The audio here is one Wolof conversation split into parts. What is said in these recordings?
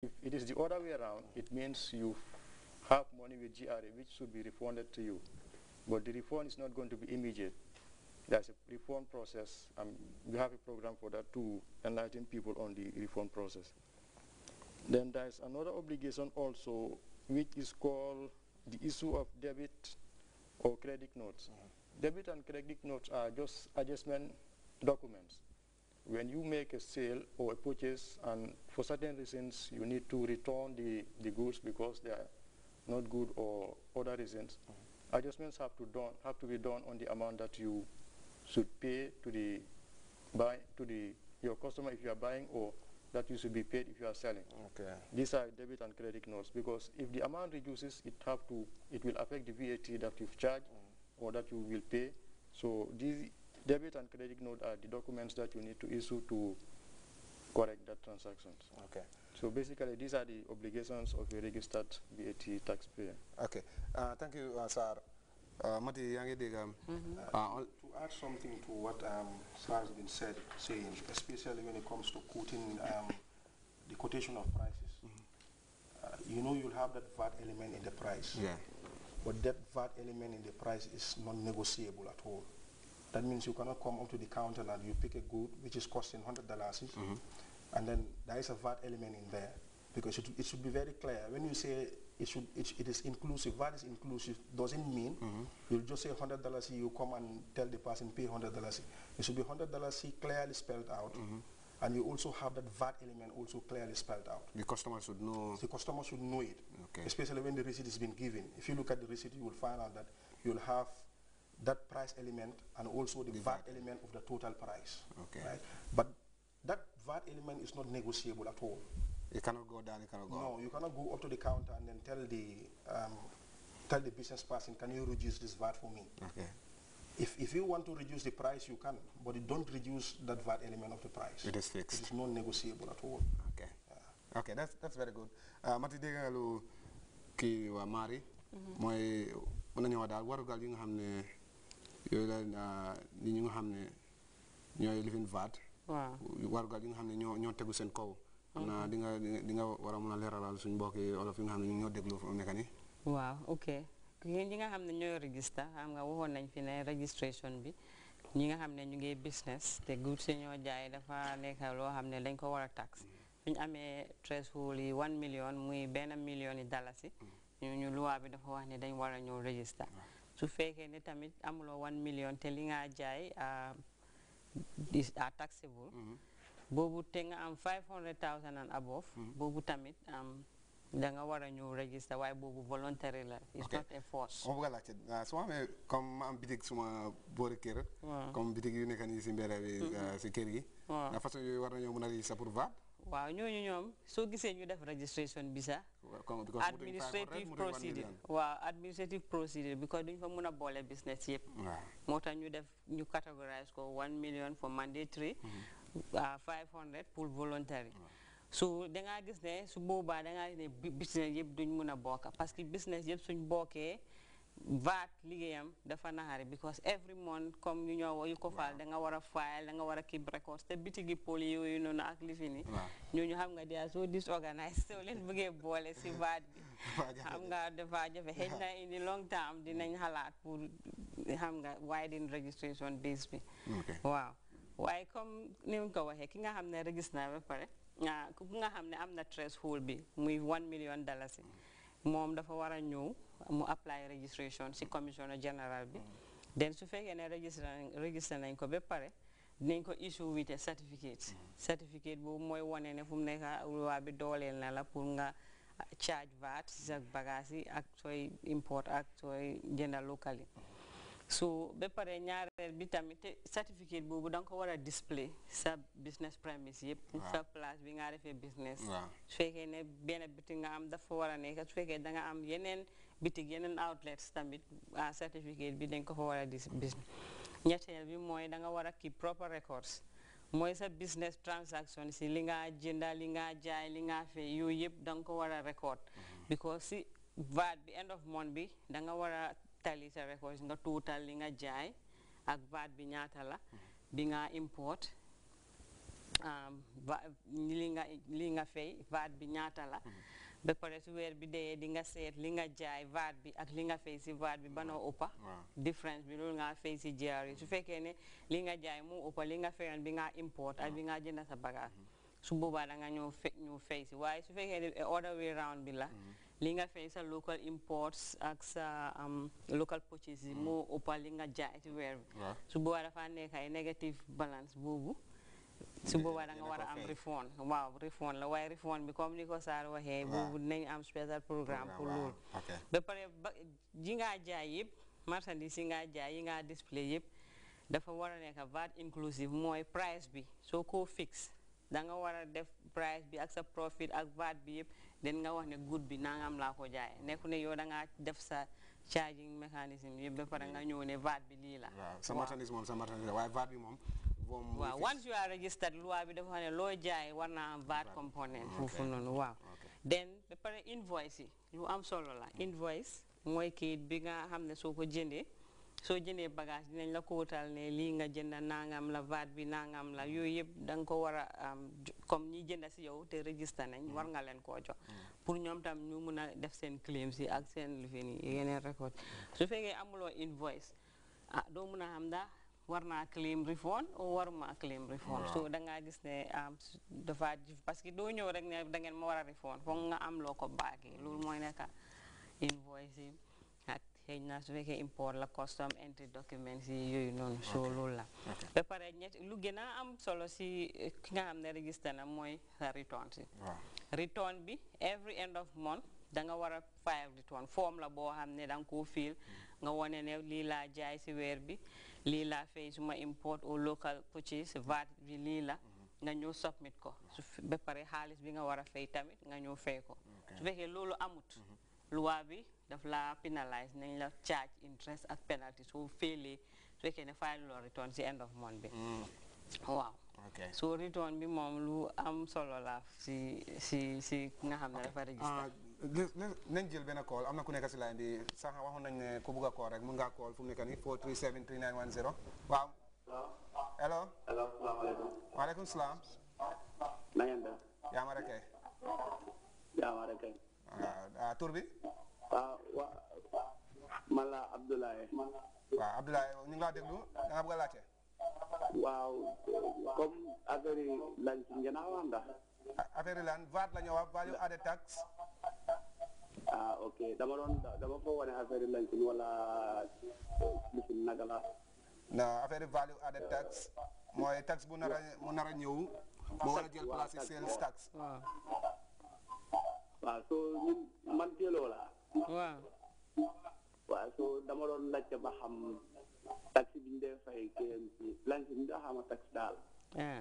If it is the other way around, it means you have money with GRA which should be refunded to you. But the refund is not going to be immediate. There's a reform process, and we have a program for that to enlighten people on the reform process. Then there's another obligation also, which is called the issue of debit or credit notes. Mm -hmm. Debit and credit notes are just adjustment documents when you make a sale or a purchase and for certain reasons you need to return the, the goods because they are not good or other reasons, mm -hmm. adjustments have to, done, have to be done on the amount that you should pay to the buy to the your customer if you are buying or that you should be paid if you are selling. Okay. These are debit and credit notes because if the amount reduces, it have to it will affect the VAT that you've charged mm or that you will pay. So these Debit and credit note are the documents that you need to issue to correct that transactions. Okay. So basically, these are the obligations of a registered VAT taxpayer. Okay. Uh, thank you, uh, sir. Uh, mm -hmm. uh, to add something to what um, sir has been said, saying, especially when it comes to quoting um, the quotation of prices, mm -hmm. uh, you know you'll have that VAT element in the price. Yeah. But that VAT element in the price is non-negotiable at all. That means you cannot come up to the counter and you pick a good which is costing hundred dollars, mm -hmm. and then there is a VAT element in there because it, it should be very clear when you say it should it, it is inclusive. VAT is inclusive doesn't mean mm -hmm. you just say hundred dollars. You come and tell the person pay hundred dollars. It should be hundred dollars clearly spelled out. Mm -hmm and you also have that VAT element also clearly spelled out. The customer should know. The customer should know it, okay. especially when the receipt has been given. If you look at the receipt, you will find out that you'll have that price element and also the, the VAT, VAT, element of the total price. Okay. Right? But that VAT element is not negotiable at all. You cannot go down, It cannot go No, up. you cannot go up to the counter and then tell the, um, tell the business person, can you reduce this VAT for me? Okay. If, if you want to reduce the price, you can, but you don't reduce that VAT element of the price. It is fixed. It is non-negotiable at all. Okay. Yeah. Okay, that's, that's very good. Uh, Mati dégalu ki wa mari my mm-hmm. mën nañu wax daal warugal hamne. yooyu la li ah, ñu nga xam ne ñooy lifin vaat waaw wargal yi nga xam ne ñoo ñoo tegu seen kow xam naa di nga di nga war a mën a leeralal suñ mbokki olof yi nga xam ne ñoo déglu fu nekk ni waaw ñi nga xam ne ñooy register xam nga waxoon nañ fi ne registration bi ñi nga xam ne ñu ngi business te goods yi ñoo jaay dafa nekk loo xam ne dañ ko war a tax suñ mm-hmm. amee threshold yi one million muy benn million yi dalasi mm-hmm. ñu ñu luwaa bi dafa wax ni dañ war a ñëw register su fekkee ne tamit amuloo one million te li nga jaay euh, à taxable mm-hmm. boobu te nga am five hundred thousand and above mm-hmm. boobu tamit da nga war a ñëw register waaye boobu voluntary la it's not a euh, su ma amee comme am bitig suma boori kër comme bitig yu nekk nii si mbéere mm-hmm. euh, si kër gi façon yooyu war na ñëw mën a register pour VAT waaw ñooñu ñoom soo gisee ñu def registration bi sax administrative procedure waaw administrative procedure because duñ fa mën a boole business yëpp moo tax ñu def ñu catégorise ko one million for mandatory mm-hmm. uh, five hundred pour voluntary su dangaa gis ne su boobaa dangaa gis ne business yëpp duñ mun a bokka parce que business yëpp suñ bokkee VAT liggéeyam dafa naxari because every month comme ñu ñoo yu ko faal da nga war a file da nga war a keep records te biti gi pôle yooyu noonu ak lifini ñooñu xam nga dia so disorganized soo leen bëggee boole si VAT bi xam nga dafa jafe xëy na indi long term dinañ xalaat pour xam nga widen registration base bi waaw waaye comme ni mu ko waxee ki nga xam ne registre na ba pare ah, ku nga xam ne am na threshold bi muy one million dalasi moom dafa war a ñëw mu apply registration si commissioner general bi den su fekkee ne registré nañ ko ba pare dinañ ko issue with a certificate certificate boobu mooy wane ne fu mu nekk luwaa bi dooleel na la pour nga charge VAT si sa bagage yi ak sooy import ak sooy jënda locally so ba pare ñaareel bi tamit certificate boobu da nga ko war a display sa business premise yëpp sa place bi nga defee business su fekkee ne benn biti nga am dafa war a nekk su fekkee da nga am yeneen bitig yeneen outlets tamit ah, certificate bi dañ ko fa war a dis business ñetteel bi mooy da nga war a kii proper records mooy sa business transaction si li nga jënda li nga jaay li nga fay yooyu yëpp da nga ko war a record mm-hmm. because si VAT bi end of month bi danga nga war a tali sa records nga tuutal li nga jaay ak VAT bi ñaata la mm-hmm. bi nga import um, li nga li nga fay VAT bi ñaata la mm-hmm. ba pare su weer bi dee di nga seet li nga jaay vaat bi ak li nga fay si vaat bi banoo ëppa différence bi loolu nga fay si yi su fekkee ne li nga jaay mu ëppa li nga fayoon bi nga import ak bi nga jënd sa bagage mm-hmm. su boobaa da nga ñëw fe ñu fay si waaye su fekkee ne other way round bi la mm-hmm. li nga fay sa local imports ak sa um, local purchases yi mm-hmm. moo ëppa li nga jaay si weer bi su boobaa dafa nekk ay négative balance boobu su booba da nga war a am refund waaw refund la waaye refund bi comme ni ko Saar waxee. bu nañ am special programme pour loolu. ba pare ba ji ngaa jaay yëpp marchandise yi ngaa jaay yi ngaa display yëpp dafa war a nekk VAT inclusive mooy price bi soo ko fix danga war a def price bi ak sa profit ak VAT bi yëpp den nga wax ne good bi naa am laa ko jaay nekku ne yow da ngaa def sa. charging mécanisme yëpp ba pare nga mm. ñëw ne VAT bi lii la. waaw sa marchandise moom sa marchandise waaye VAT bi moom. bon waaw once you a registered loi bi loo jaay war naa am VAT component foofu noonu waaw then ba pare invoice yi lu am solo la invoice mooy kayit bi nga xam ne soo ko jëndee soo jëndee bagage dinañ la ko ne lii nga jënd nangam la VAT bi nangam la yooyu yëpp danga ko war a comme ñi jënd si yow te register nañ mm. war nga leen koo jox mm. pour ñoom tam ñu mun a def seen claim si ak seen lifin yi yeneen record su fekkee amuloo invoice ah doo mun a xam ndax war naa claim refund o waruma claim refund so da gis ne dafa jif parce que doo ñëw rek ne da ngeen ma war a refund foog nga am loo ko baagee loolu mooy nekka invoice yi ak na su fekkee import la custom entry documents yi yooyu noonu so loolu la ba pare lu gën a am solo si eh, ki nga xam ne register na mooy return si return bi every end of month da nga war a file form la boo xam ne da nga koo fiil mm. nga wone ne lii laa jaay si weer bi lii laa fay suma import au local purchase VAT bi lii la nga ñëw submit ko ba pare xaalis bi nga war a fay tamit nga ñëw fay ko su fekkee loolu amut mhm. loi bi daf la penalise nañ la charge interest ak penalty soo féelee su fekkee ne file loo return si end of month bi mm. waaw so return bi moom lu am solo la si si si nga xam ne dafa register ah, nañ jël benn call am na ku nekk si line bi sax waxoon nañ ne ku bugg a call rek mun ngaa call fu mu nekk nii 437 3910 waaw. allo. allo salaamaaleykum. waaleykum salaam. na ngeen def. yaa ma rek. yaa ma rek. waaw ah, tur bi. Ah, man la Abdoulaye. waaw Abdoulaye ñu ngi laa déglu da nga laajte. waaw comme affaire yi lañ ci a ndax affaire yi lan VAT la ñu wax value added tax ah ok value added tax mooy tax bu nar mu nar a moo war so ñun man la waaw waaw xam taxi bi ñu dee fay KMC lunch bi ñu daa xama taxi daal ah.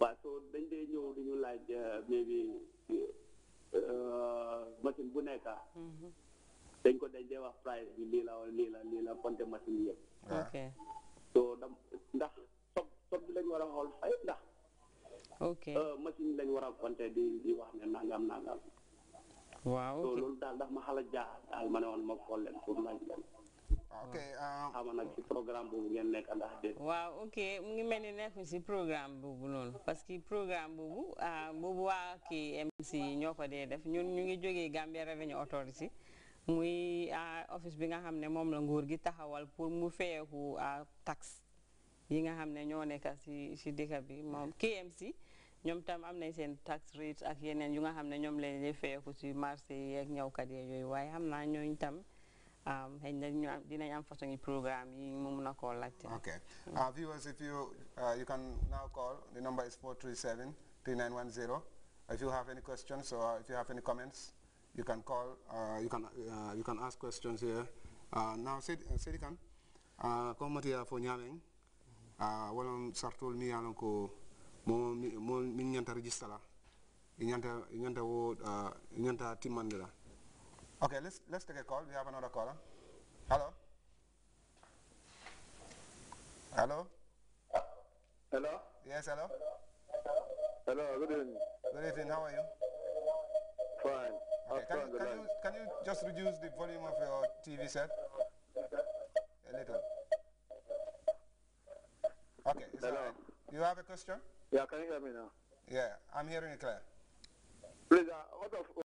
waaw soo dañ dee ñëw di ñu laaj euh, mais bi euh, machine bu nekka mm-hmm. dañ ko dañ dee wax price bi lii la lii la nii la compté machine yëpp ah. ok soo dam ndax sob sob bi lañ war a xool fay ndax ok euh, machine lañ war a compté di di wax ne nangam nangam waaw soo loolu daal ndax ma xala daal ma ne woon ma xool leen pour laaj leen ok hmm. ah. xama nag waaw ok mu ngi mel ni nekkuñ si programme boobu noonu parce que programme boobu ah, boobu waa kii MC ñoo ko dee def ñun ñu ngi jógee Gambia Revenue Authority muy ah, office bi nga xam ne moom la nguur gi taxawal pour mu feyeeku tax yi nga xam ne ñoo nekk si si dëkk bi moom KMC ñoom tam am nañ seen tax rate ak yeneen yu nga xam ne ñoom lañ lay si marché yi ak ñawkat yee yooyu waaye xam naa ñooñ tam xëy um, na ok uh, viewers if you uh, you can now call the number is 437 3910 if you have any questions or if you have any comments you can call uh, you can you can ask questions here now Sidi Kane ko matiya fo ñaameŋ wolon sartol mi yalon ko mo min ñanta registre la ñanta ñanta wo ñanta timmande la Okay, let's let's take a call. We have another caller. Hello. Hello. Hello. Yes, hello. Hello. Good evening. Good evening. How are you? Fine. Okay, can, you, can, you, can you just reduce the volume of your TV set? A little. Okay, Hello. You have a question? Yeah, can you hear me now? Yeah, I'm hearing it clear. Please, uh, what of